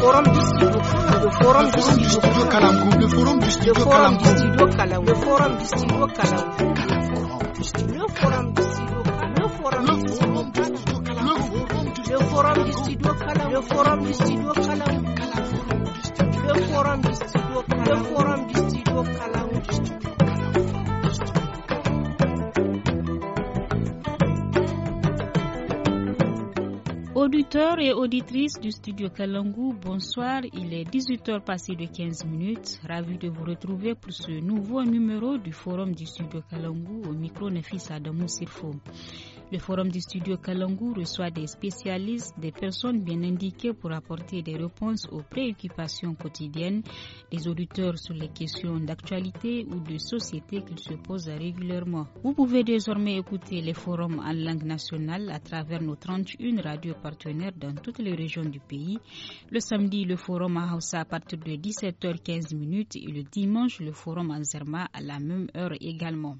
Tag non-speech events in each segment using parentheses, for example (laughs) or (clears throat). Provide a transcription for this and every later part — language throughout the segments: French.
forum du studio the forum du studio Kalamgou the forum du studio Kalamgou the forum du studio Kalamgou the forum du studio Kalamgou the forum du studio Kalamgou the forum du studio Kalamgou the forum du studio Kalamgou the forum du studio Kalamgou the forum the forum, du studio Kalamgou Auditeurs et auditrices du studio Kalangu, bonsoir. Il est 18h passé de 15 minutes. Ravi de vous retrouver pour ce nouveau numéro du forum du studio Kalangu au micro Nefis Adamou Sirfo. Le forum du studio Kalangu reçoit des spécialistes, des personnes bien indiquées pour apporter des réponses aux préoccupations quotidiennes des auditeurs sur les questions d'actualité ou de société qu'ils se posent régulièrement. Vous pouvez désormais écouter les forums en langue nationale à travers nos 31 radios partenaires dans toutes les régions du pays. Le samedi, le forum à Hausa à partir de 17h15 et le dimanche, le forum en Zerma à la même heure également.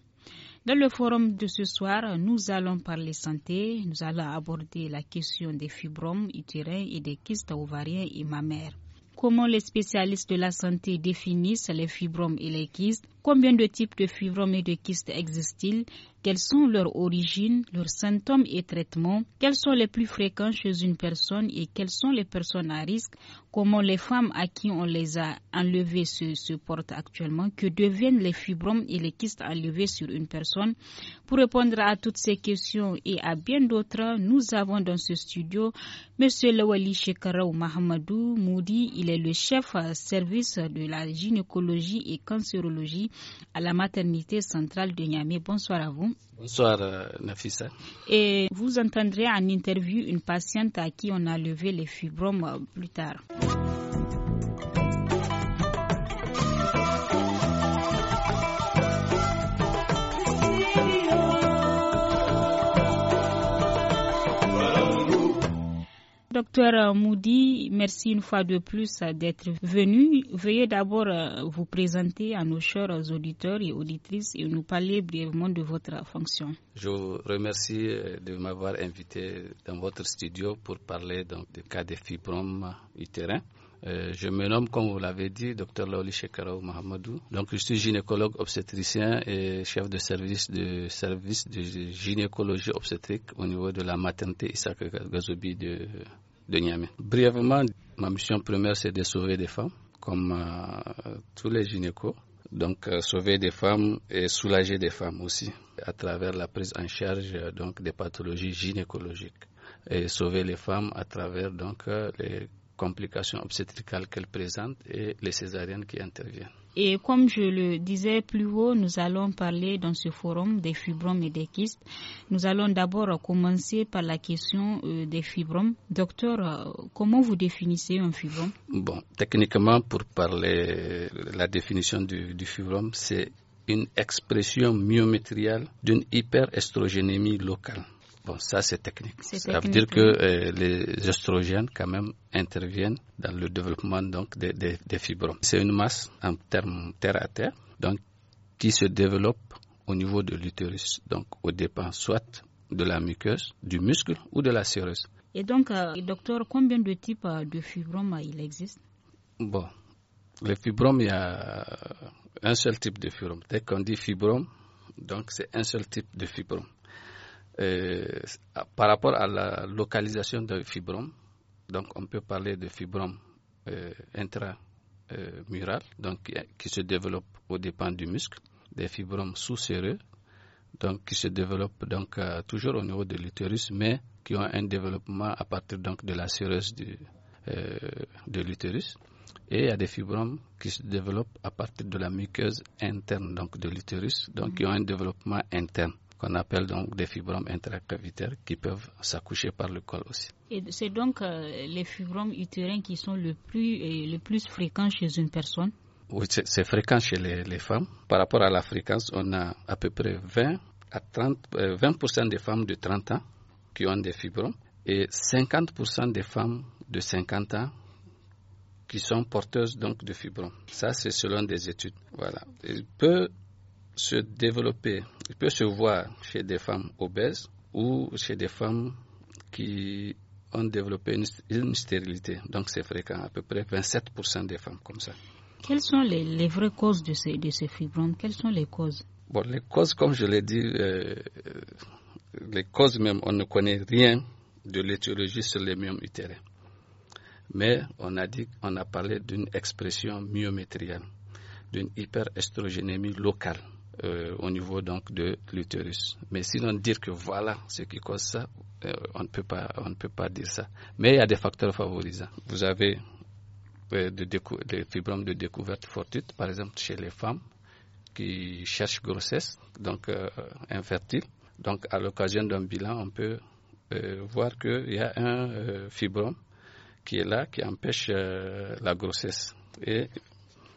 Dans le forum de ce soir, nous allons parler santé. Nous allons aborder la question des fibromes utérins et des kystes ovariens et mammaires. Comment les spécialistes de la santé définissent les fibromes et les kystes Combien de types de fibromes et de kystes existent-ils Quelles sont leurs origines, leurs symptômes et traitements Quels sont les plus fréquents chez une personne et quelles sont les personnes à risque Comment les femmes à qui on les a enlevés se, portent actuellement Que deviennent les fibromes et les kystes enlevés sur une personne Pour répondre à toutes ces questions et à bien d'autres, nous avons dans ce studio M. Lawali Shekaraou Mahamadou Moudi. Il est le chef service de la gynécologie et cancérologie à la maternité centrale de Niamey. Bonsoir à vous. Bonsoir euh, Nafisa. Et vous entendrez en interview une patiente à qui on a levé les fibromes euh, plus tard. Docteur Moudi, merci une fois de plus d'être venu. Veuillez d'abord euh, vous présenter à nos chers auditeurs et auditrices et nous parler brièvement de votre fonction. Je vous remercie euh, de m'avoir invité dans votre studio pour parler donc du cas de fibromes utérins. je me nomme, comme vous l'avez dit, Docteur Laoli Shekarao Mahamadou. Donc, je suis gynécologue obstétricien et chef de service de service de gynécologie obstétrique au niveau de la maternité Isaac Gazobi de de Brièvement, ma mission première, c'est de sauver des femmes, comme euh, tous les gynécos. Donc, euh, sauver des femmes et soulager des femmes aussi, à travers la prise en charge euh, donc, des pathologies gynécologiques. Et sauver les femmes à travers donc, les complications obstétricales qu'elles présentent et les césariennes qui interviennent. Et comme je le disais plus haut, nous allons parler dans ce forum des fibromes et des kystes. Nous allons d'abord commencer par la question euh, des fibromes. Docteur, euh, comment vous définissez un fibrome Bon, techniquement, pour parler euh, la définition du, du fibrome, c'est une expression myométriale d'une hyperestrogénémie locale ça, c'est technique. Ça veut dire que euh, les estrogènes, quand même, interviennent dans le développement donc, des, fibromes. C'est une masse en termes terre à terre, donc, qui se développe au niveau de l'utérus, donc au dépens soit de la muqueuse, du muscle ou de la séreuse. Et donc, euh, docteur, combien de types euh, de fibromes il existe Bon, les fibromes, il y a un seul type de fibrome. Dès qu'on dit fibrome, donc c'est un seul type de fibrome. Euh, par rapport à la localisation de fibromes, donc on peut parler de fibromes euh, donc euh, qui se développent au dépens du muscle, des fibromes sous-séreux, donc qui se développent donc euh, toujours au niveau de l'utérus, mais qui ont un développement à partir donc de la séreuse du, de l'utérus. Et il y a des fibromes qui se développent à partir de la muqueuse interne donc de l'utérus, donc qui ont un développement interne qu'on appelle donc des fibromes intracavitaires qui peuvent s'accoucher par le col aussi. Et c'est donc euh, les fibromes utérins qui sont le plus, euh, le plus fréquents chez une personne Oui, c'est fréquent chez les, les, femmes. Par rapport à la fréquence, on a à peu près 20 à 30, 20% euh, des femmes de 30 ans qui ont des fibromes et 50% des femmes de 50 ans qui sont porteuses donc de fibromes. Ça, c'est selon des études. Voilà. il peut se développer, il peut se voir chez des femmes obèses ou chez des femmes qui ont développé une, stérilité. Donc c'est fréquent, à peu près 27% des femmes comme ça. Quelles sont les, vraies causes de ces, de fibromes Quelles sont les causes Bon, les causes, comme je l'ai dit, euh, euh, les causes même, on ne connaît rien de l'étiologie sur les myomes utérins. Mais on a dit, on a parlé d'une expression myométriale, d'une hyperestrogénémie locale. Euh, au niveau donc de l'utérus. Mais sinon dire que voilà ce qui cause ça, euh, on ne peut pas, on ne peut pas dire ça. Mais il y a des facteurs favorisants. Vous avez euh, des fibromes de découverte fortuite, par exemple chez les femmes qui cherchent grossesse, donc infertile. Donc à l'occasion d'un bilan, on peut voir qu'il y a un fibrome qui est là, qui empêche la grossesse. Et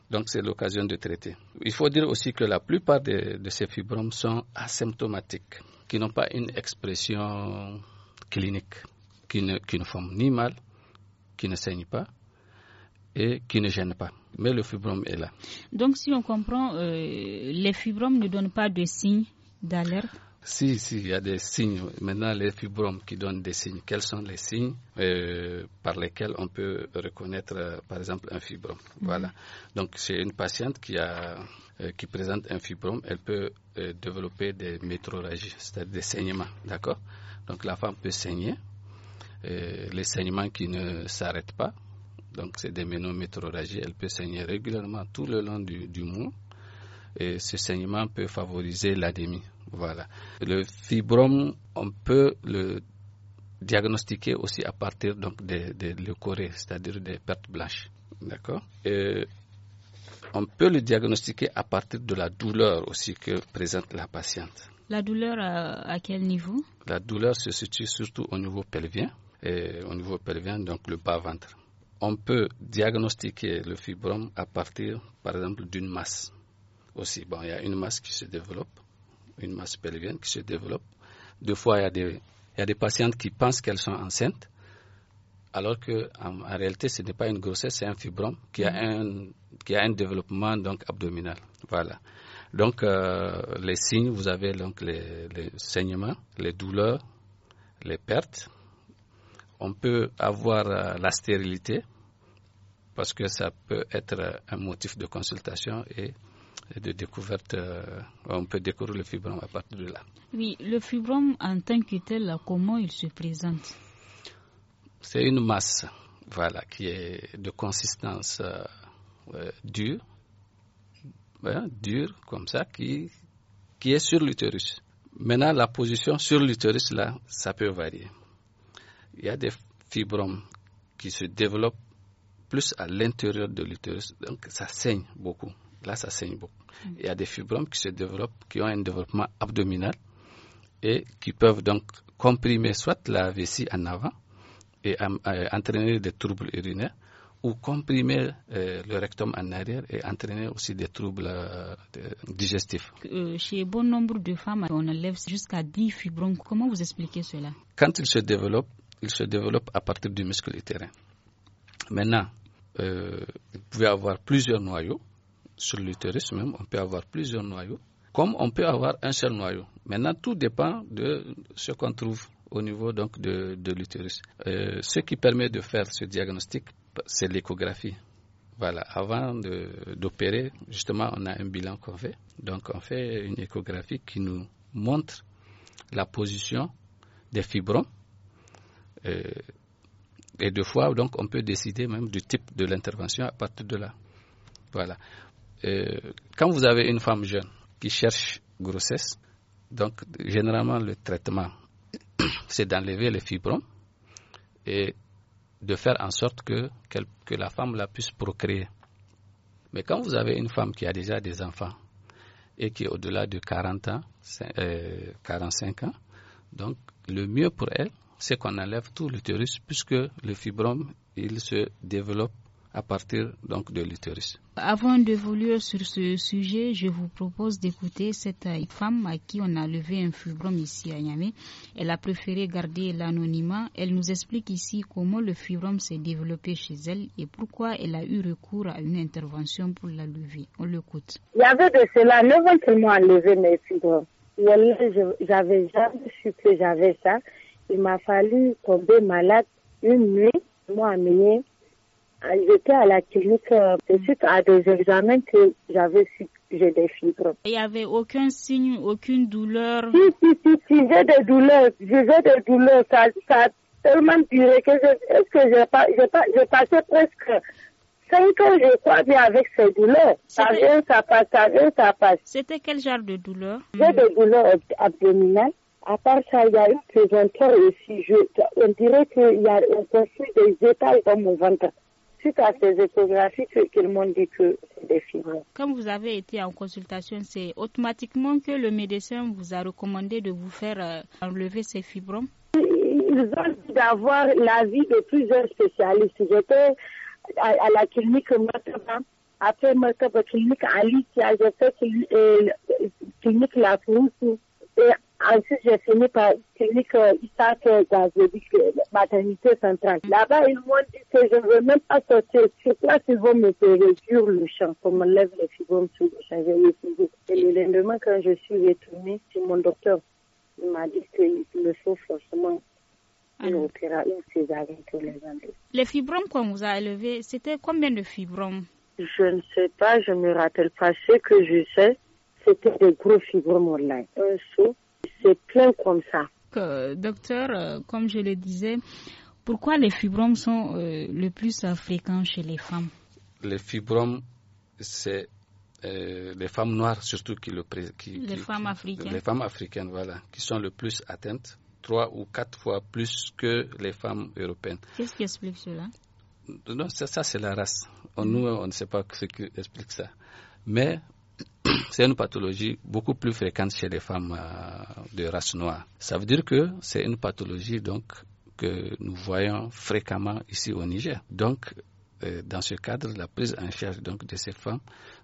donc c'est l'occasion de traiter. Il faut dire aussi que la plupart de, ces fibromes sont asymptomatiques, qui n'ont pas une expression clinique, qui ne, qui font ni mal, qui ne saignent pas et qui ne gênent pas. Mais le fibrome est là. Donc si on comprend, euh, les fibromes ne donnent pas de signes d'alerte si, si, il y a des signes. Maintenant, les fibromes qui donnent des signes. Quels sont les signes euh, par lesquels on peut reconnaître, euh, par exemple, un fibrome mhm. Voilà. Donc, c'est une patiente qui a euh, qui présente un fibrome, elle peut développer des métrorragies, c'est-à-dire des saignements, d'accord Donc, la femme peut saigner, les saignements qui ne s'arrêtent pas. Donc, c'est des ménométrorragies. Elle peut saigner régulièrement tout le long du, du mois et ce saignement peut favoriser l'adémie. Voilà. Le fibrome, on peut le diagnostiquer aussi à partir donc des de, c'est-à-dire des pertes blanches. D'accord On peut le diagnostiquer à partir de la douleur aussi que présente la patiente. La douleur à, quel niveau La douleur se situe surtout au niveau pelvien, et au niveau pelvien, donc le bas-ventre. On peut diagnostiquer le fibrome à partir, par exemple, d'une masse aussi, bon, il y a une masse qui se développe, une masse pelvienne qui se développe. Deux fois, il y a des, il y a des patientes qui pensent qu'elles sont enceintes, alors que en, réalité, ce n'est pas une grossesse, c'est un fibrome qui a mm-hmm. un, qui a un développement donc abdominal. Voilà. Donc, euh, les signes, vous avez donc les, saignements, les douleurs, les pertes. On peut avoir euh, la stérilité parce que ça peut être un motif de consultation et de découverte. Euh, on peut découvrir le fibrome à partir de là. Oui, le fibrome en tant que tel, comment il se présente C'est une masse, voilà, qui est de consistance euh, euh, dure, hein, dure comme ça, qui, qui est sur l'utérus. Maintenant, la position sur l'utérus, là, ça peut varier. Il y a des fibromes qui se développent plus à l'intérieur de l'utérus, donc ça saigne beaucoup là, ça saigne beaucoup. Mm. Il y a des fibromes qui se développent, qui ont un développement abdominal et qui peuvent donc comprimer soit la vessie en avant et euh, entraîner des troubles urinaires ou comprimer euh, le rectum en arrière et entraîner aussi des troubles euh, digestifs. chez bon nombre de femmes, on enlève jusqu'à 10 fibromes. Comment vous expliquez cela Quand ils se développent, ils se développent à partir du muscle utérin. Maintenant, vous pouvez avoir plusieurs noyaux sur l'utérus même, on peut avoir plusieurs noyaux, comme on peut avoir un seul noyau. Maintenant, tout dépend de ce qu'on trouve au niveau donc de, de l'utérus. Euh, ce qui permet de faire ce diagnostic, c'est l'échographie. Voilà, avant d'opérer, justement, on a un bilan qu'on fait. Donc, on fait une échographie qui nous montre la position des fibromes. Euh, et deux fois, donc, on peut décider même du type de l'intervention à partir de là. Voilà. Euh, quand vous avez une femme jeune qui cherche grossesse, donc généralement le traitement, (clears throat) c'est d'enlever les fibromes et de faire en sorte que, que la femme la puisse procréer. Mais quand vous avez une femme qui a déjà des enfants et qui est au-delà de 40 ans, 45 euh, ans, donc le mieux pour elle, c'est qu'on enlève tout l'utérus puisque le fibrome, il se développe à partir donc de l'utérus. Avant de d'évoluer sur ce sujet, je vous propose d'écouter cette euh, femme à qui on a levé un fibrome ici à Niamey. Elle a préféré garder l'anonymat. Elle nous explique ici comment le fibrome s'est développé chez elle et pourquoi elle a eu recours à une intervention pour la lever. On l'écoute. Il y avait de cela 9 ans seulement à lever mes fibromes. J'avais jamais su que j'avais ça. Il m'a fallu tomber malade une nuit, moi amené J'étais ah, à la clinique, euh, suite à des examens que j'avais su j'ai des fibres. Il n'y avait aucun signe, aucune douleur Si, si, si, j'ai des douleurs, j'ai des douleurs, ça, ça a tellement duré que je, est-ce que j'ai pas, j'ai pas, j'ai passé presque cinq ans, je crois, avec ces douleurs. Ça vient, ça passe, ça vient, ça passe. C'était quel genre de douleur J'ai des douleurs abdominales. À part ça, il y a une aussi. Je, on dirait qu'il y a un conflit des états dans mon ventre suite à ces échographies qu'ils m'ont dit que des fibromes. Comme vous avez été en consultation, c'est automatiquement que le médecin vous a recommandé de vous faire euh, enlever ces fibromes Ils ont dit d'avoir l'avis de plusieurs spécialistes. J'étais à, la clinique maintenant, Après Mataba, clinique Alicia, j'ai fait euh, clinique La Ensuite, j'ai fini par clinique euh, Isaac dans une maternité centrale. Là-bas, ils m'ont dit que je ne veux même pas sortir sur place, ils vont me faire sur le champ. On me les fibromes sur le champ, j'ai les Et le lendemain, quand je suis retournée, c'est mon docteur. Il m'a dit qu'il le faut forcément ah une opéra, une césarienne les années. Les fibromes qu'on vous a élevés, c'était combien de fibromes Je ne sais pas, je ne me rappelle pas. Ce que je sais, c'était des gros fibromes online. Un saut c'est plein comme ça. docteur, euh, comme je le disais, pourquoi les fibromes sont euh, le plus fréquents chez les femmes Les fibromes, c'est euh, les femmes noires surtout qui le qui, Les femmes africaines. Les femmes africaines, voilà, qui sont le plus atteintes, trois ou quatre fois plus que les femmes européennes. Qu'est-ce qui explique cela Non, ça, ça c'est la race. On, nous, on ne sait pas ce qui explique ça. Mais c'est une pathologie beaucoup plus fréquente chez les femmes euh, de race noire. Ça veut dire que c'est une pathologie donc que nous voyons fréquemment ici au Niger. Donc, euh, dans ce cadre, la prise en charge donc, de ces femmes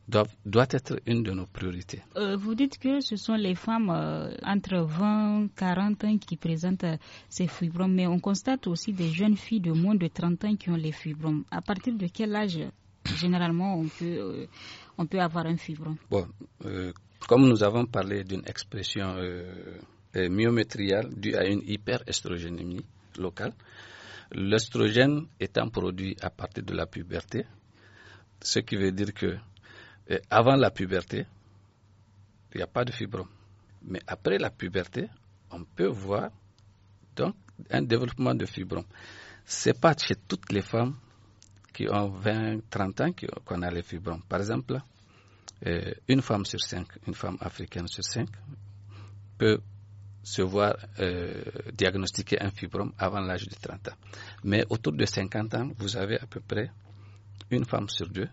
doit, être une de nos priorités. Euh, vous dites que ce sont les femmes entre 20 et 40 ans qui présentent ces fibromes, mais on constate aussi des jeunes filles de moins de 30 ans qui ont les fibromes. À partir de quel âge, généralement, on peut on peut avoir un fibrome. Bon, euh, comme nous avons parlé d'une expression euh, euh, myométriale due à une hyperestrogénémie locale, l'estrogène étant produit à partir de la puberté, ce qui veut dire que euh, avant la puberté, il n'y a pas de fibrome. Mais après la puberté, on peut voir donc un développement de fibrome. Ce n'est pas chez toutes les femmes qui ont 20, 30 ans qu'on a les fibromes. Par exemple, euh, une femme sur cinq, une femme africaine sur cinq, peut se voir euh, diagnostiquer un fibrome avant l'âge de 30 ans. Mais autour de 50 ans, vous avez à peu près une femme sur deux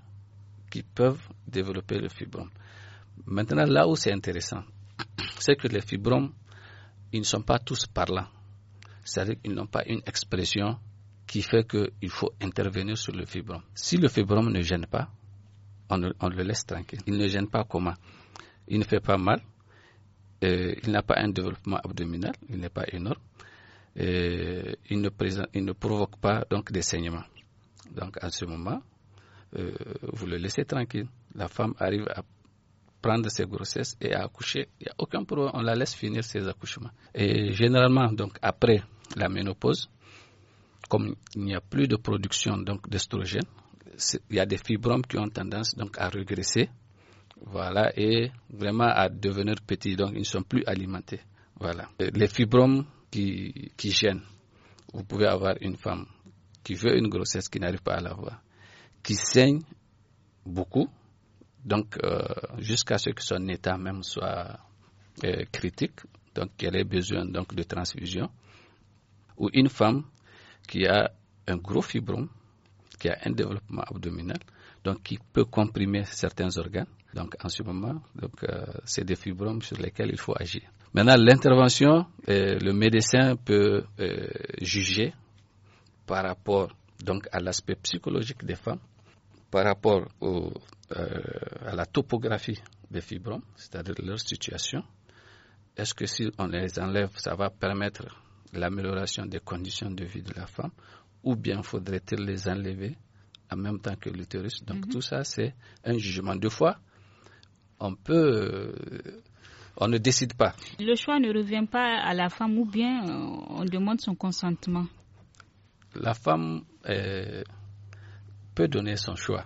qui peuvent développer le fibrome. Maintenant, là où c'est intéressant, (coughs) c'est que les fibromes, ils ne sont pas tous parlants. C'est-à-dire qu'ils n'ont pas une expression qui fait qu'il faut intervenir sur le fibrome. Si le fibrome ne gêne pas, on, le laisse tranquille. Il ne gêne pas comment Il ne fait pas mal, il n'a pas un développement abdominal, il n'est pas énorme, il, ne présente, il ne provoque pas donc des saignements. Donc à ce moment, euh, vous le laissez tranquille. La femme arrive à prendre ses grossesses et à accoucher. Il n'y a aucun problème, on la laisse finir ses accouchements. Et généralement, donc après la ménopause, comme il n'y a plus de production donc d'estrogène, il y a des fibromes qui ont tendance donc à régresser, voilà, et vraiment à devenir petits, donc ils ne sont plus alimentés, voilà. Les fibromes qui, gênent, vous pouvez avoir une femme qui veut une grossesse qui n'arrive pas à l'avoir, qui saigne beaucoup, donc euh, jusqu'à ce que son état même soit euh, critique, donc qu'elle ait besoin donc de transfusion, ou une femme qui a un gros fibrome, qui a un développement abdominal, donc qui peut comprimer certains organes. Donc en ce moment, donc euh, c'est des fibromes sur lesquels il faut agir. Maintenant, l'intervention, euh, le médecin peut euh, juger par rapport donc à l'aspect psychologique des femmes, par rapport à la topographie des fibromes, c'est-à-dire leur situation. Est-ce que si on les enlève, ça va permettre l'amélioration des conditions de vie de la femme, ou bien faudrait-il les enlever en même temps que l'utérus. Donc mhm. tout ça, c'est un jugement de foi. On peut... Euh, on ne décide pas. Le choix ne revient pas à la femme ou bien euh, on demande son consentement. La femme euh, peut donner son choix.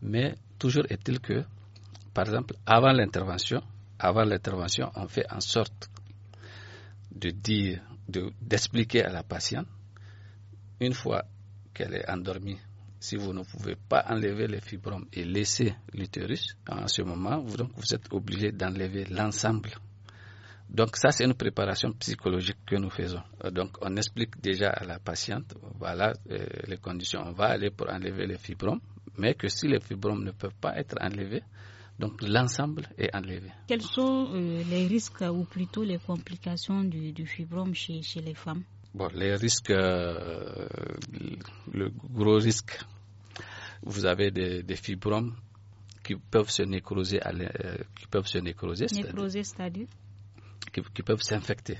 Mais toujours est-il que, par exemple, avant l'intervention, avant l'intervention, on fait en sorte de dire, d'expliquer à la patiente, une fois qu'elle est endormie, si vous ne pouvez pas enlever les fibromes et laisser l'utérus, en ce moment, vous, donc, vous êtes obligé d'enlever l'ensemble. Donc ça, c'est une préparation psychologique que nous faisons. Euh, donc on explique déjà à la patiente, voilà euh, les conditions, on va aller pour enlever les fibromes, mais que si les fibromes ne peuvent pas être enlevés, donc l'ensemble est enlevé. Quels sont euh, les risques ou plutôt les complications du, fibrome chez, les femmes bon, Les risques, euh, le gros risque, vous avez des, fibromes qui peuvent se nécroser, à euh, qui peuvent se nécroser, c'est-à-dire qui, peuvent s'infecter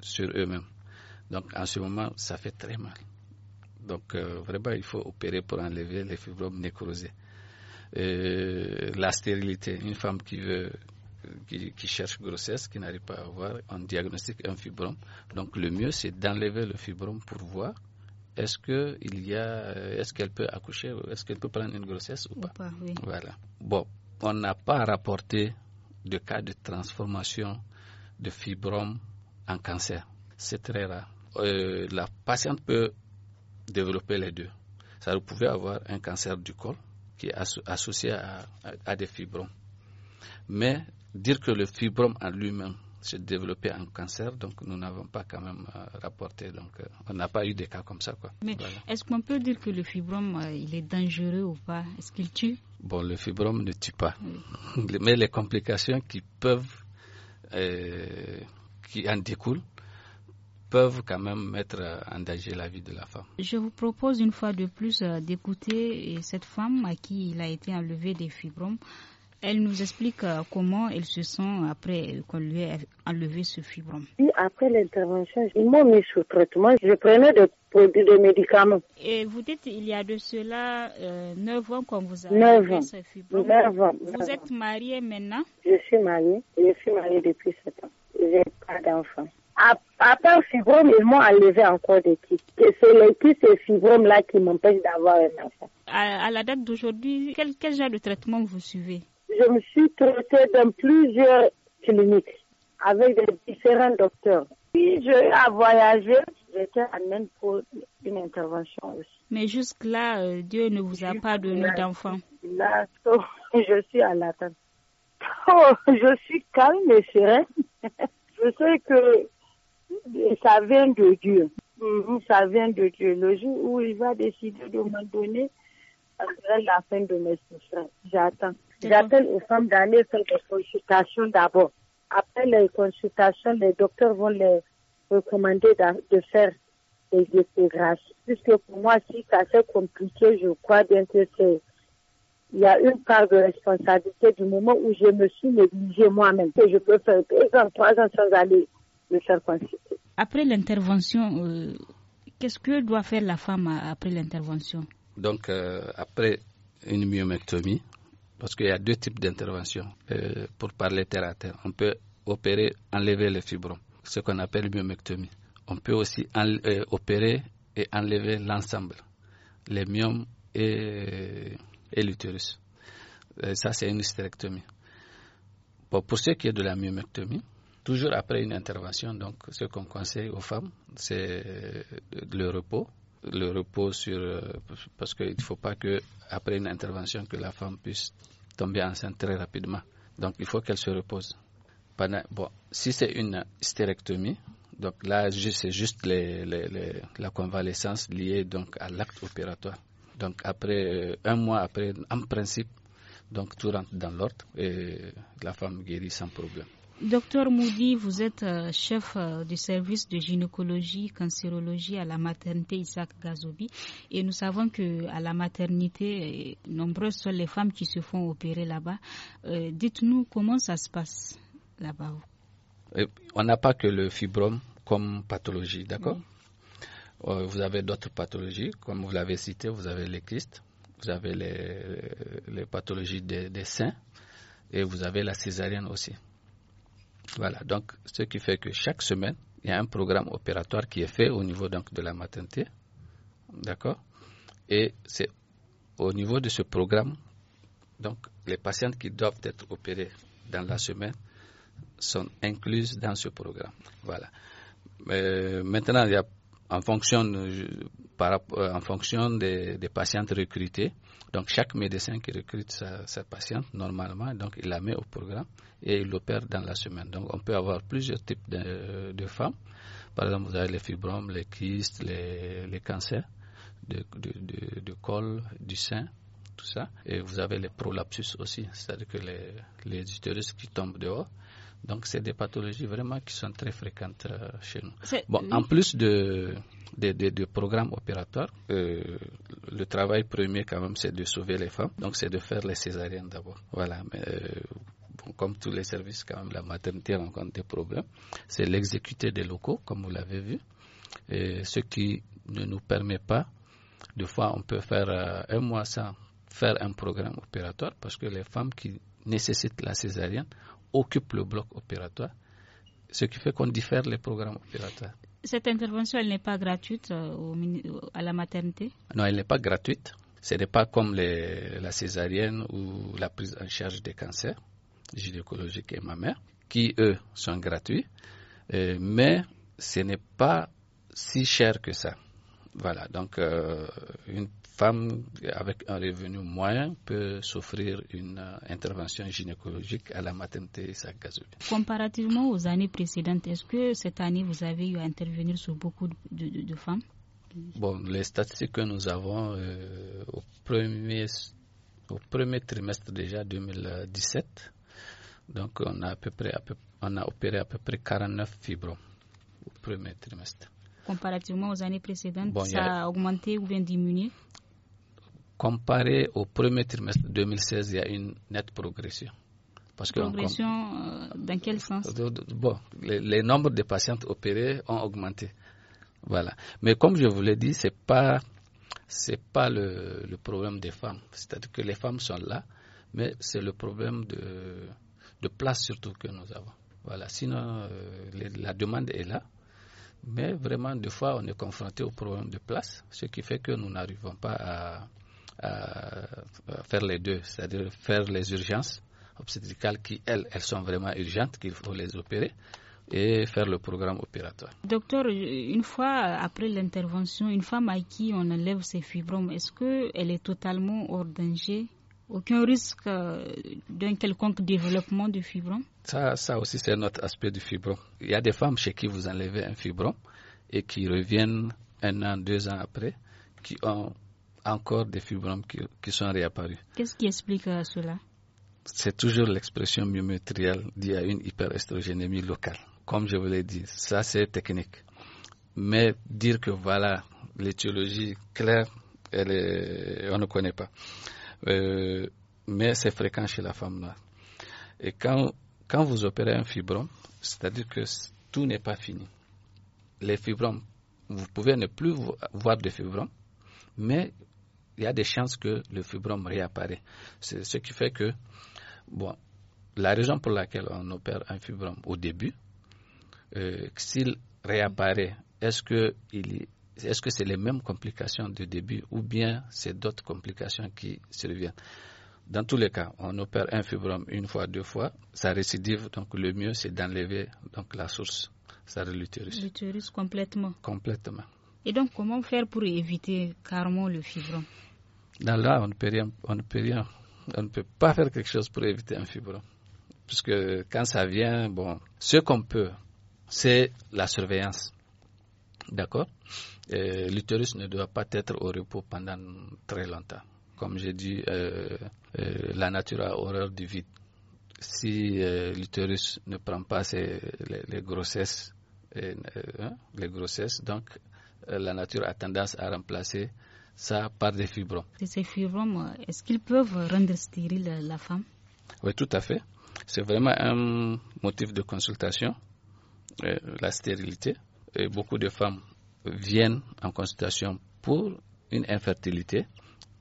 sur eux-mêmes. Donc en ce moment, ça fait très mal. Donc vraiment, il faut opérer pour enlever les fibromes nécrosés la stérilité. Une femme qui veut qui, cherche grossesse, qui n'arrive pas à avoir, un diagnostic, un fibrome. Donc le mieux, c'est d'enlever le fibrome pour voir est-ce que il y a, est-ce qu'elle peut accoucher, est-ce qu'elle peut prendre une grossesse ou pas. Voilà. Bon, on n'a pas rapporté de cas de transformation de fibrome en cancer. C'est très rare. Euh, la patiente peut développer les deux. Ça, vous pouvez avoir un cancer du col qui est associé à, des fibromes. Mais dire que le fibrome en lui-même s'est développé en cancer, donc nous n'avons pas quand même euh, rapporté, donc euh, on n'a pas eu des cas comme ça. Quoi. Mais est-ce qu'on peut dire que le fibrome, euh, il est dangereux ou pas Est-ce qu'il tue Bon, le fibrome ne tue pas, (laughs) mais les complications qui peuvent, qui en découlent, peuvent quand même mettre euh, en danger la vie de la femme. Je vous propose une fois de plus euh, d'écouter euh, cette femme à qui il a été enlevé des fibromes. Elle nous explique comment elle se sent après qu'on lui ait enlevé ce fibrome. après l'intervention, ils m'ont mis sous traitement. Je prenais des produits, de médicaments. Et vous dites, il y a de cela neuf 9 ans qu'on vous a enlevé ce fibrome. 9 ans. vous êtes mariée maintenant Je suis mariée. Je suis mariée depuis 7 ans. Je n'ai pas d'enfant à, à part fibrome, ils m'ont enlevé encore des tiques. C'est les tiques et fibrome là qui m'empêchent d'avoir un enfant. À, la date d'aujourd'hui, quel, quel genre de traitement vous suivez Je me suis traitée dans plusieurs cliniques avec différents docteurs. Puis j'ai à voyager, j'étais à même pour une intervention aussi. Mais jusque-là, euh, Dieu ne vous a pas donné d'enfant. Là, oh, (laughs) je suis à l'attente. Oh, je suis calme et sereine. (laughs) je sais que ça vient de Dieu. Mhm, ça vient de Dieu. Le jour où il va décider de m'en donner, après la fin de mes souffrances. J'attends. J'appelle aux femmes d'aller faire des consultations d'abord. Après les consultations, les docteurs vont les recommander de faire des échographies. Puisque pour moi, c'est assez compliqué, je crois bien que c'est il y a une part de responsabilité du moment où je me suis négligée moi-même, que je peux faire deux ans, trois ans sans aller après l'intervention, euh, qu'est-ce que doit faire la femme après l'intervention Donc, euh, après une myomectomie, parce qu'il y a deux types d'interventions euh, pour parler terre à terre. On peut opérer, enlever les fibromes, ce qu'on appelle myomectomie. On peut aussi opérer et enlever l'ensemble, les myomes et, l'utérus. Ça, c'est une hystérectomie. pour ce qui est de la myomectomie, Toujours après une intervention, donc, ce qu'on conseille aux femmes, c'est le repos. Le repos sur. Euh, parce qu'il ne faut pas que, après une intervention, que la femme puisse tomber enceinte très rapidement. Donc, il faut qu'elle se repose. bon, si c'est une hystérectomie, donc là, c'est juste la convalescence liée donc à l'acte opératoire. Donc après euh, un mois après, en principe, donc tout rentre dans l'ordre et la femme guérit sans problème. Docteur Moudi, vous êtes euh, chef euh, du service de gynécologie, cancérologie à la maternité Isaac Gazobi. Et nous savons que à la maternité, euh, nombreuses sont les femmes qui se font opérer là-bas. Dites-nous comment ça se passe là-bas. On n'a pas que le fibrome comme pathologie, d'accord Vous avez d'autres pathologies, comme vous l'avez cité, vous avez les Christ, vous avez les, pathologies des, des seins et vous avez la césarienne aussi. Voilà, donc ce qui fait que chaque semaine, il y a un programme opératoire qui est fait au niveau donc, de la maternité. D'accord Et c'est au niveau de ce programme, donc les patientes qui doivent être opérées dans la semaine sont incluses dans ce programme. Voilà. Euh, maintenant, il y a en fonction, euh, par, euh, en fonction des, patientes recrutées. Donc, chaque médecin qui recrute sa, patiente, normalement, donc, il la met au programme et il l'opère dans la semaine. Donc, on peut avoir plusieurs types de, femmes. Par exemple, vous avez les fibromes, les kystes, les, les cancers de, col, du sein, tout ça. Et vous avez les prolapsus aussi, c'est-à-dire que les, les utérus qui tombent dehors. Donc, c'est des pathologies vraiment qui sont très fréquentes euh, chez nous. Bon, En plus de, de, de, de programmes opératoires, euh, le travail premier, quand même, c'est de sauver les femmes. Donc, c'est de faire les césariennes d'abord. Voilà. Mais, euh, comme tous les services, quand même, la maternité rencontre des problèmes. C'est l'exécuter des locaux, comme vous l'avez vu, Et ce qui ne nous permet pas. Des fois, on peut faire un mois sans faire un programme opératoire parce que les femmes qui nécessitent la césarienne occupe le bloc opératoire, ce qui fait qu'on diffère les programmes opératoires. Cette intervention, elle n'est pas gratuite euh, au, euh, à la maternité Non, elle n'est pas gratuite. Ce n'est pas comme les, la césarienne ou la prise en charge des cancers gynécologiques et mammaires, qui, eux, sont gratuits. Euh, mais ce n'est pas si cher que ça. Voilà, donc une femme avec un revenu moyen peut souffrir une euh, intervention gynécologique à la maternité Sargazoui. Comparativement aux années précédentes, est-ce que cette année vous avez eu à intervenir sur beaucoup de, femmes Bon, les statistiques que nous avons euh, au, premier, au premier trimestre déjà 2017, donc on a à peu près, on a opéré à peu près 49 fibres au premier trimestre. Comparativement aux années précédentes, ça a... augmenté ou bien diminué comparé au premier trimestre 2016, il y a une nette progression. progression euh, dans quel sens euh, Bon, les, nombres de patientes opérées ont augmenté. Voilà. Mais comme je vous l'ai dit, ce n'est pas, pas le, problème des femmes. C'est-à-dire que les femmes sont là, mais c'est le problème de, de, place surtout que nous avons. Voilà. Sinon, euh, la demande est là. Mais vraiment, des fois, on est confronté au problème de place, ce qui fait que nous n'arrivons pas à, euh, euh, faire les deux, c'est-à-dire faire les urgences obstétricales qui, elles, elles sont vraiment urgentes, qu'il faut les opérer et faire le programme opératoire. Docteur, une fois après l'intervention, une femme à qui on enlève ses fibromes, est-ce qu'elle est totalement hors danger Aucun risque euh, d'un quelconque développement du fibrome ça, ça aussi, c'est notre aspect du fibrome. Il y a des femmes chez qui vous enlevez un fibrome et qui reviennent un an, deux ans après, qui ont encore des fibromes qui, sont réapparus. Qu'est-ce qui explique euh, cela C'est toujours l'expression myométriale d'une à une hyperestrogénémie locale. Comme je vous l'ai dit, ça c'est technique. Mais dire que voilà, l'étiologie claire, elle on ne connaît pas. Euh, mais c'est fréquent chez la femme noire. Et quand, quand vous opérez un fibrome, c'est-à-dire que tout n'est pas fini. Les fibromes, vous pouvez ne plus voir de fibromes, mais il y a des chances que le fibrome réapparaît. C'est ce qui fait que, bon, la raison pour laquelle on opère un fibrome au début, euh, s'il réapparaît, est-ce que est-ce que c'est les mêmes complications du début ou bien c'est d'autres complications qui surviennent Dans tous les cas, on opère un fibrome une fois, deux fois, ça récidive, donc le mieux c'est d'enlever donc la source, ça l'utérus. L'utérus complètement. Complètement. Et donc, comment faire pour éviter carrément le fibrome Là, on ne peut rien. On ne peut pas faire quelque chose pour éviter un fibrome. Puisque quand ça vient, bon, ce qu'on peut, c'est la surveillance. D'accord L'utérus ne doit pas être au repos pendant très longtemps. Comme j'ai dit, euh, euh, la nature a horreur du vide. Si euh, l'utérus ne prend pas les, grossesses, hein, les grossesses, donc euh, la nature a tendance à remplacer ça par des fibromes. ces fibromes, euh, est-ce qu'ils peuvent rendre stérile la femme Oui, tout à fait. C'est vraiment un motif de consultation, euh, la stérilité. Et beaucoup de femmes viennent en consultation pour une infertilité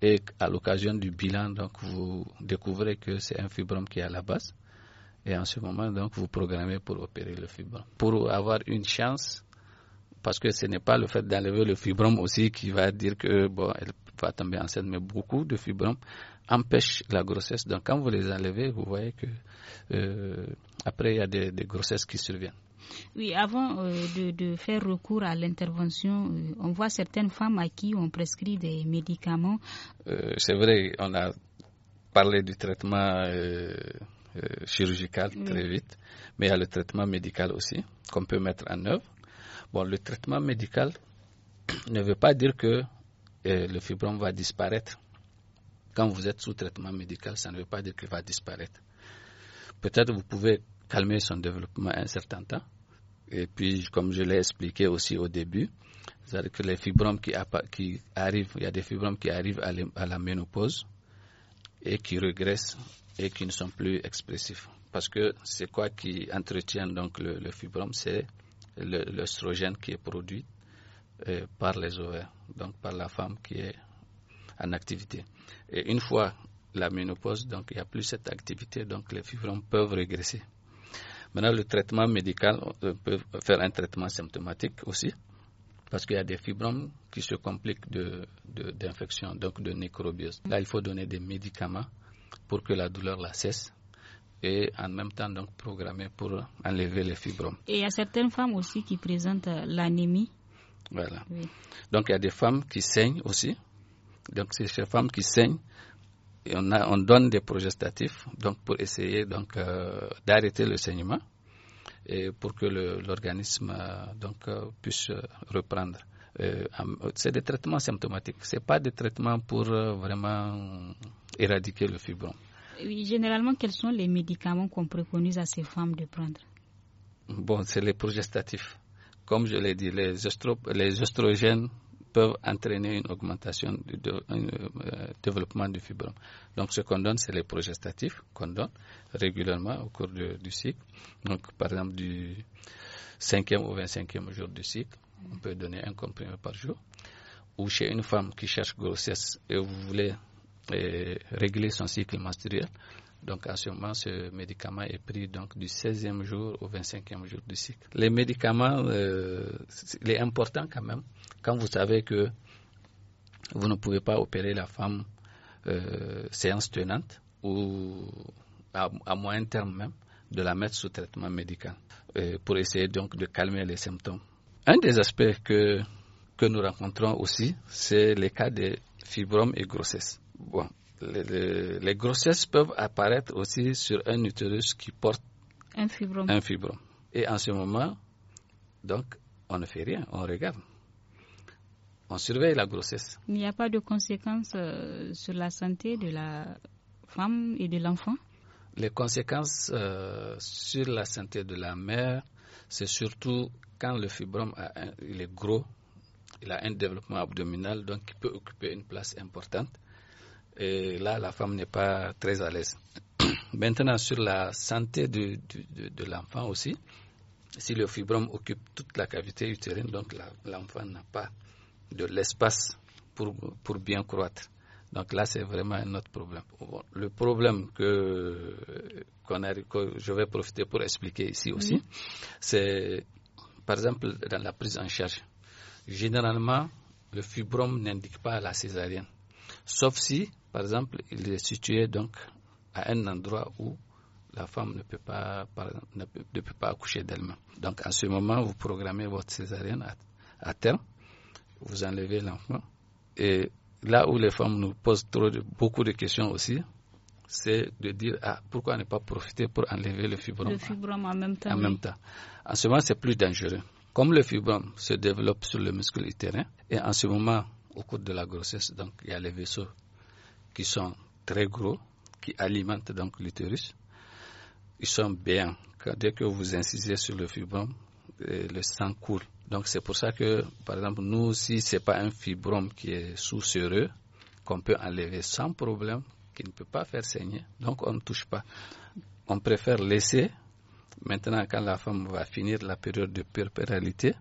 et à l'occasion du bilan, donc, vous découvrez que c'est un fibrome qui est à la base. Et en ce moment, donc, vous programmez pour opérer le fibrome. Pour avoir une chance parce que ce n'est pas le fait d'enlever le fibrome aussi qui va dire que bon, elle va tomber enceinte, mais beaucoup de fibromes empêchent la grossesse. Donc quand vous les enlevez, vous voyez que euh, après il y a des, grossesses qui surviennent. Oui, avant euh, de, faire recours à l'intervention, euh, on voit certaines femmes à qui on prescrit des médicaments. C'est vrai, on a parlé du traitement chirurgical très vite, mais il y a le traitement médical aussi qu'on peut mettre en œuvre. Bon, le traitement médical ne veut pas dire que euh, le fibrome va disparaître. Quand vous êtes sous traitement médical, ça ne veut pas dire qu'il va disparaître. Peut-être vous pouvez calmer son développement un certain temps. Et puis, comme je l'ai expliqué aussi au début, cest que les fibromes qui, arrivent, il y a des fibromes qui arrivent à, la ménopause et qui regressent et qui ne sont plus expressifs. Parce que c'est quoi qui entretient donc le, le fibrome C'est l'œstrogène qui est produit euh, par les ovaires, donc par la femme qui est en activité. Et une fois la ménopause, donc il n'y a plus cette activité, donc les fibromes peuvent régresser. Maintenant, le traitement médical, euh, peut faire un traitement symptomatique aussi, parce qu'il y a des fibromes qui se compliquent d'infection, donc de nécrobiose. Là, il faut donner des médicaments pour que la douleur la cesse et en même temps donc programmer pour enlever les fibromes. Et il y a certaines femmes aussi qui présentent l'anémie. Voilà. Donc il y a des femmes qui saignent aussi. Donc ces femmes qui saignent et on, a, on donne des progestatifs donc pour essayer donc euh, d'arrêter le saignement et pour que l'organisme euh, donc euh, puisse reprendre. c'est des traitements symptomatiques. C'est pas des traitements pour vraiment éradiquer le fibrome généralement, quels sont les médicaments qu'on préconise à ces femmes de prendre Bon, c'est les progestatifs. Comme je l'ai dit, les, oestrogènes peuvent entraîner une augmentation du euh, développement du fibrome. Donc, ce qu'on donne, c'est les progestatifs qu'on donne régulièrement au cours du cycle. Donc, par exemple, du 5e au 25e jour du cycle, on peut donner un comprimé par jour. Ou chez une femme qui cherche grossesse et vous voulez et régler son cycle menstruel. Donc, à ce moment, ce médicament est pris donc du 16e jour au 25e jour du cycle. Les médicaments, euh, il est important quand même, quand vous savez que vous ne pouvez pas opérer la femme euh, séance tenante ou à, moyen terme même, de la mettre sous traitement médical euh, pour essayer donc de calmer les symptômes. Un des aspects que, que nous rencontrons aussi, c'est les cas de fibromes et grossesses les, grossesses peuvent apparaître aussi sur un utérus qui porte un fibrome. Et en ce moment, donc, on ne fait rien, on regarde. On surveille la grossesse. Il n'y a pas de conséquences euh, sur la santé de la femme et de l'enfant Les conséquences euh, sur la santé de la mère, c'est surtout quand le fibrome est gros, il a un développement abdominal, donc il peut occuper une place importante. Et là, la femme n'est pas très à l'aise. (clears throat) Maintenant, sur la santé de, l'enfant aussi, si le fibrome occupe toute la cavité utérine, donc l'enfant n'a pas de l'espace pour, pour, bien croître. Donc là, c'est vraiment un autre problème. le problème que, a, je vais profiter pour expliquer ici aussi, c'est par exemple dans la prise en charge. Généralement, le fibrome n'indique pas la césarienne, sauf si par exemple, il est situé donc à un endroit où la femme ne peut pas, ne peut, pas accoucher d'elle-même. Donc, en ce moment, vous programmez votre césarienne à, terme, vous enlevez l'enfant. Et là où les femmes nous posent beaucoup de questions aussi, c'est de dire ah, pourquoi ne pas profiter pour enlever le fibrome. en même temps. En, même temps. ce moment, c'est plus dangereux. Comme le fibrome se développe sur le muscle utérin, et en ce moment, au cours de la grossesse, donc il y a les vaisseaux qui sont très gros, qui alimentent donc l'utérus. Ils sont bien. Dès que vous incisez sur le fibrome, euh, le sang coule. Donc c'est pour ça que, par exemple, nous, si ce n'est pas un fibrome qui est sous qu'on peut enlever sans problème, qui ne peut pas faire saigner, donc on ne touche pas. On préfère laisser. Maintenant, quand la femme va finir la période de purpéralité,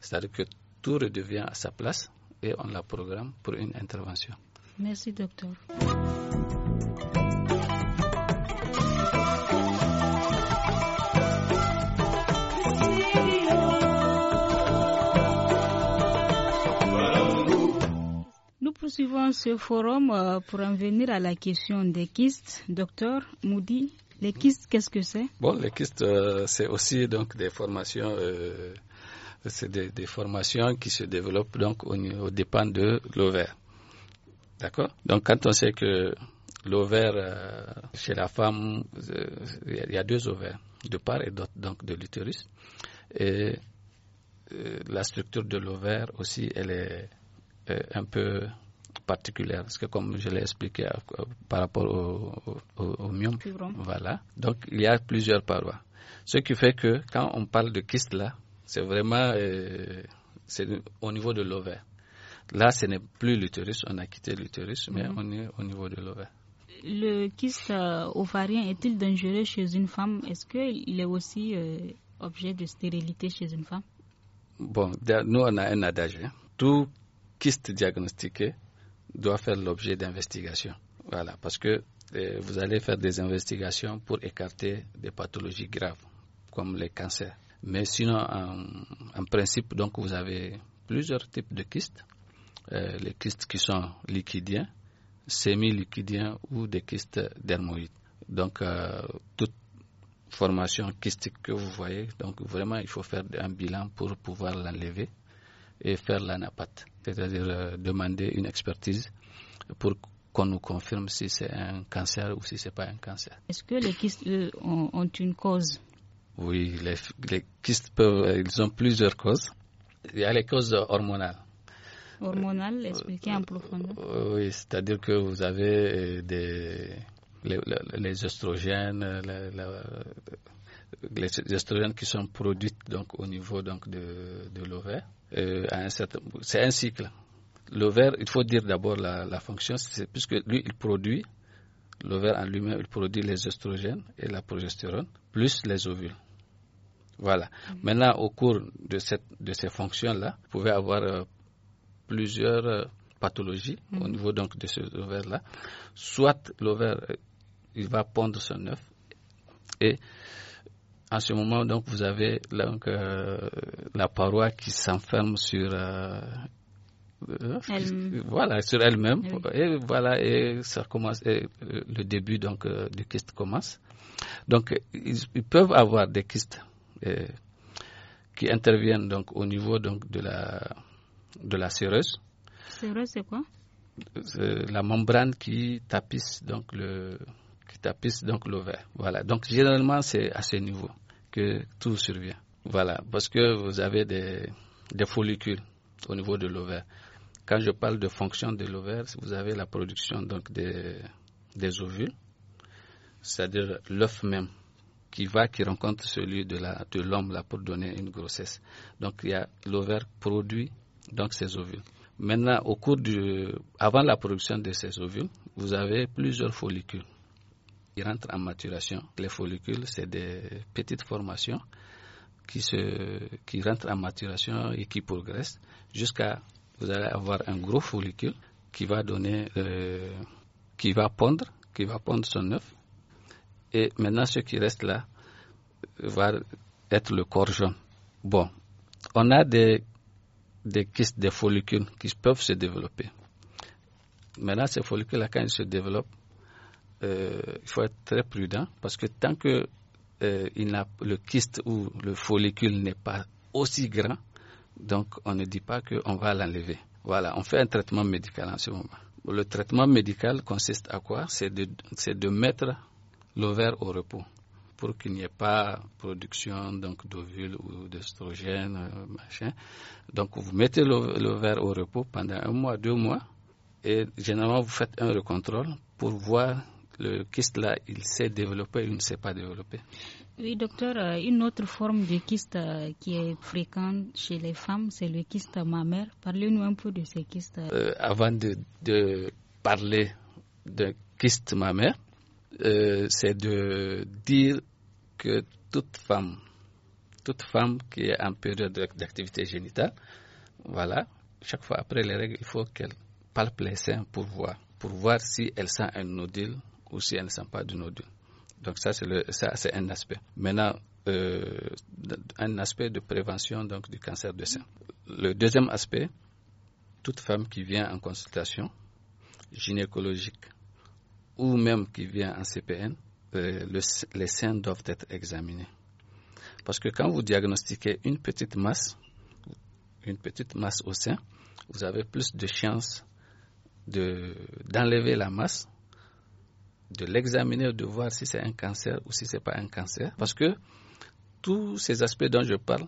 c'est-à-dire que tout redevient à sa place et on la programme pour une intervention. Merci, docteur. Nous poursuivons ce forum euh, pour en venir à la question des kystes. Docteur Moudi, les kystes, qu'est-ce que c'est Bon, les kystes, euh, c'est aussi donc des formations. Euh, des, formations qui se développent donc au, au dépend de l'ovaire. D'accord Donc, quand on sait que l'ovaire euh, chez la femme, euh, il y a deux ovaires, de part et d'autre, donc de l'utérus. Et euh, la structure de l'ovaire aussi, elle est un peu particulière, parce que comme je l'ai expliqué par rapport au, au, voilà. Donc, il y a plusieurs parois. Ce qui fait que quand on parle de kyste là, c'est vraiment c'est au niveau de l'ovaire. Là, ce n'est plus l'utérus, on a quitté l'utérus, mais mhm. on est au niveau de l'ovaire. Le kyste euh, ovarien est-il dangereux chez une femme Est-ce qu'il est aussi euh, objet de stérilité chez une femme Bon, nous, on a un adage. Hein. Tout kyste diagnostiqué doit faire l'objet d'investigation. Voilà, parce que euh, vous allez faire des investigations pour écarter des pathologies graves, comme les cancers. Mais sinon, en, principe, donc, vous avez plusieurs types de kystes euh, les kystes qui sont liquidiens, semi-liquidiens ou des kystes dermoïdes. Donc, euh, toute formation kystique que vous voyez, donc vraiment, il faut faire un bilan pour pouvoir l'enlever et faire l'anapath, c'est-à-dire euh, demander une expertise pour qu'on nous confirme si c'est un cancer ou si c'est pas un cancer. Est-ce que les kystes, ont, une cause Oui, les, kystes peuvent, ils ont plusieurs causes. Il y a les causes hormonales hormonal, expliquez en profondeur. Euh, oui, c'est-à-dire que vous avez euh, des, les, les estrogènes, les qui sont produites donc, au niveau donc, de, de l'ovaire. Euh, c'est un cycle. L'ovaire, il faut dire d'abord la, fonction, puisque lui, il produit, l'ovaire en lui-même, il produit les oestrogènes et la progestérone, plus les ovules. Voilà. Mm. Maintenant, au cours de, cette, de ces fonctions-là, vous pouvez avoir plusieurs euh, pathologies au mm-hmm. niveau donc de ce ovaire-là. Soit l'ovaire, euh, il va pondre son œuf et en ce moment, donc, vous avez donc, euh, la paroi qui s'enferme sur elle voilà sur elle-même et voilà et ça commence le début donc du kyste commence. Donc, ils, ils peuvent avoir des kystes qui interviennent donc au niveau donc de la de la séreuse. Séreuse, c'est quoi euh, La membrane qui tapisse donc le qui tapisse donc l'ovaire. Voilà. Donc généralement c'est à ce niveau que tout survient. Voilà, parce que vous avez des, des follicules au niveau de l'ovaire. Quand je parle de fonction de l'ovaire, vous avez la production donc des, des ovules, c'est-à-dire l'œuf même qui va, qui rencontre celui de l'homme là pour donner une grossesse. Donc il y a l'ovaire produit donc ces ovules. Maintenant, au cours du, avant la production de ces ovules, vous avez plusieurs follicules qui rentrent en maturation. Les follicules, c'est des petites formations qui, se, qui rentrent en maturation et qui progressent jusqu'à vous allez avoir un gros follicule qui va donner, euh, qui va pondre, qui va pondre son œuf. Et maintenant, ce qui reste là va être le corps jaune. Bon, on a des des kystes, des follicules qui peuvent se développer. Maintenant, ces follicules quand ils se développent, euh, il faut être très prudent parce que tant que euh, il le kyste ou le follicule n'est pas aussi grand, donc on ne dit pas qu'on va l'enlever. Voilà, on fait un traitement médical en ce moment. Le traitement médical consiste à quoi C'est de, de mettre l'ovaire au repos pour qu'il n'y ait pas production donc d'ovules ou d'estrogènes, euh, machin. Donc vous mettez le, verre au repos pendant un mois, deux mois, et généralement vous faites un recontrôle pour voir le kyste là, il s'est développé ou il ne s'est pas développé. Oui, docteur, euh, une autre forme de kyste euh, qui est fréquente chez les femmes, c'est le kyste mammaire. Parlez-nous un peu de ce kyste avant de, de, parler de kyste mammaire, c'est de dire que toute femme, toute femme qui est en période d'activité génitale, voilà, chaque fois après les règles, il faut qu'elle palpe les seins pour voir, pour voir si elle sent un nodule ou si elle ne sent pas de nodule. Donc ça, c'est un aspect. Maintenant, euh, un aspect de prévention donc du cancer de sein. Le deuxième aspect, toute femme qui vient en consultation gynécologique ou même qui vient en CPN, euh, les seins doivent être examinés. Parce que quand vous diagnostiquez une petite masse, une petite masse au sein, vous avez plus de chances d'enlever la masse, de l'examiner, de voir si c'est un cancer ou si ce n'est pas un cancer. Parce que tous ces aspects dont je parle,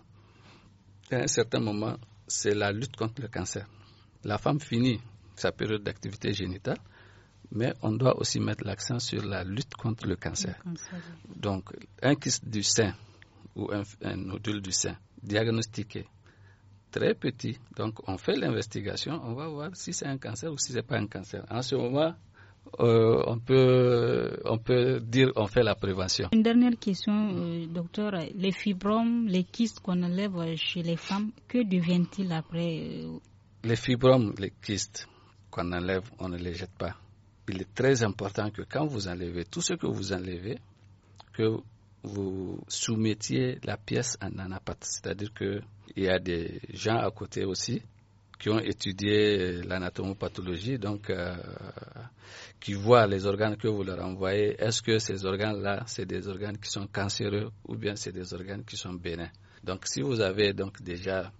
à un certain moment, c'est la lutte contre le cancer. La femme finit sa période d'activité génitale, mais on doit aussi mettre l'accent sur la lutte contre le cancer. Donc, un kyste du sein ou un, nodule du sein diagnostiqué, très petit. Donc, on fait l'investigation, on va voir si c'est un cancer ou si ce n'est pas un cancer. En ce moment, euh, on, peut, on peut dire on fait la prévention. Une dernière question, euh, docteur. Les fibromes, les kystes qu'on enlève chez les femmes, que deviennent-ils après euh, Les fibromes, les kystes qu'on enlève, on ne les jette pas il est très important que quand vous enlevez tout ce que vous enlevez, que vous soumettiez la pièce en anapathie. C'est-à-dire qu'il y a des gens à côté aussi qui ont étudié euh, l'anatomopathologie, donc euh, qui voient les organes que vous leur envoyez. Est-ce que ces organes-là, c'est des organes qui sont cancéreux ou bien c'est des organes qui sont bénins Donc si vous avez donc déjà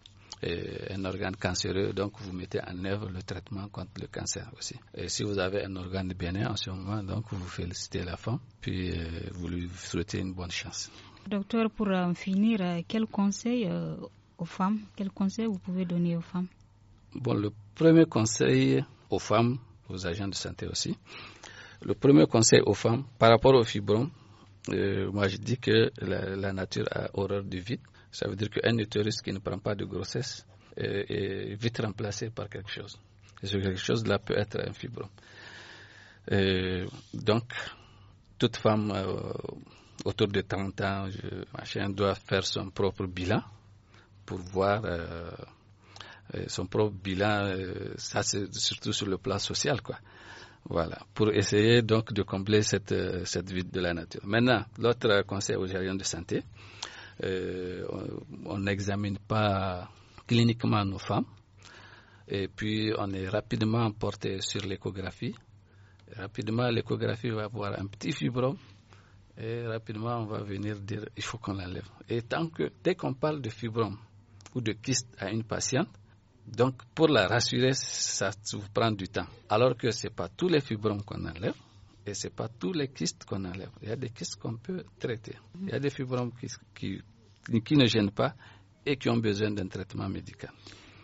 un organe cancéreux, donc vous mettez en œuvre le traitement contre le cancer aussi. Et si vous avez un organe bénin en ce moment, donc vous félicitez la femme, puis euh, vous lui souhaitez une bonne chance. Docteur, pour finir, euh, quel conseil euh, aux femmes, quel conseil vous pouvez donner aux femmes Bon, le premier conseil aux femmes, aux agents de santé aussi, le premier conseil aux femmes par rapport aux fibromes, moi je dis que la nature a horreur du vide. Ça veut dire qu'un utérus qui ne prend pas de grossesse est, vite remplacé par quelque chose. Et ce quelque chose-là peut être un fibrome. Euh, donc, toute femme euh, autour de 30 ans machin, doit faire son propre bilan pour voir euh, son propre bilan, ça c'est surtout sur le plan social, quoi. Voilà, pour essayer donc de combler cette, cette vide de la nature. Maintenant, l'autre conseil aux gérants de santé, euh, on n'examine pas cliniquement nos femmes. Et puis, on est rapidement porté sur l'échographie. Rapidement, l'échographie va avoir un petit fibrome. Et rapidement, on va venir dire il faut qu'on l'enlève. Et tant que, dès qu'on parle de fibrome ou de kyste à une patiente, donc pour la rassurer, ça vous prend du temps. Alors que ce n'est pas tous les fibromes qu'on enlève. Et ce n'est pas tous les kystes qu'on enlève. Il y a des kystes qu'on peut traiter. Il y a des fibromes qui, qui ne gênent pas et qui ont besoin d'un traitement médical.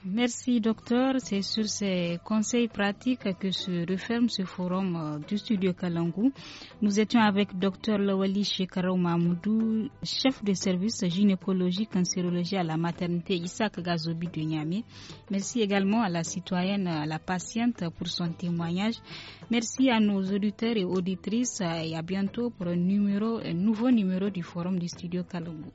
Merci docteur. C'est sur ces conseils pratiques que se referme ce forum euh, du studio Kalangou. Nous étions avec docteur Lawali Shekaro Mahmoudou, chef de service gynécologie cancérologie à la maternité Isaac Gazobi de Niamey. Merci également à la citoyenne, à la patiente pour son témoignage. Merci à nos auditeurs et auditrices euh, et à bientôt pour un, nouveau numéro du forum du studio Kalangu.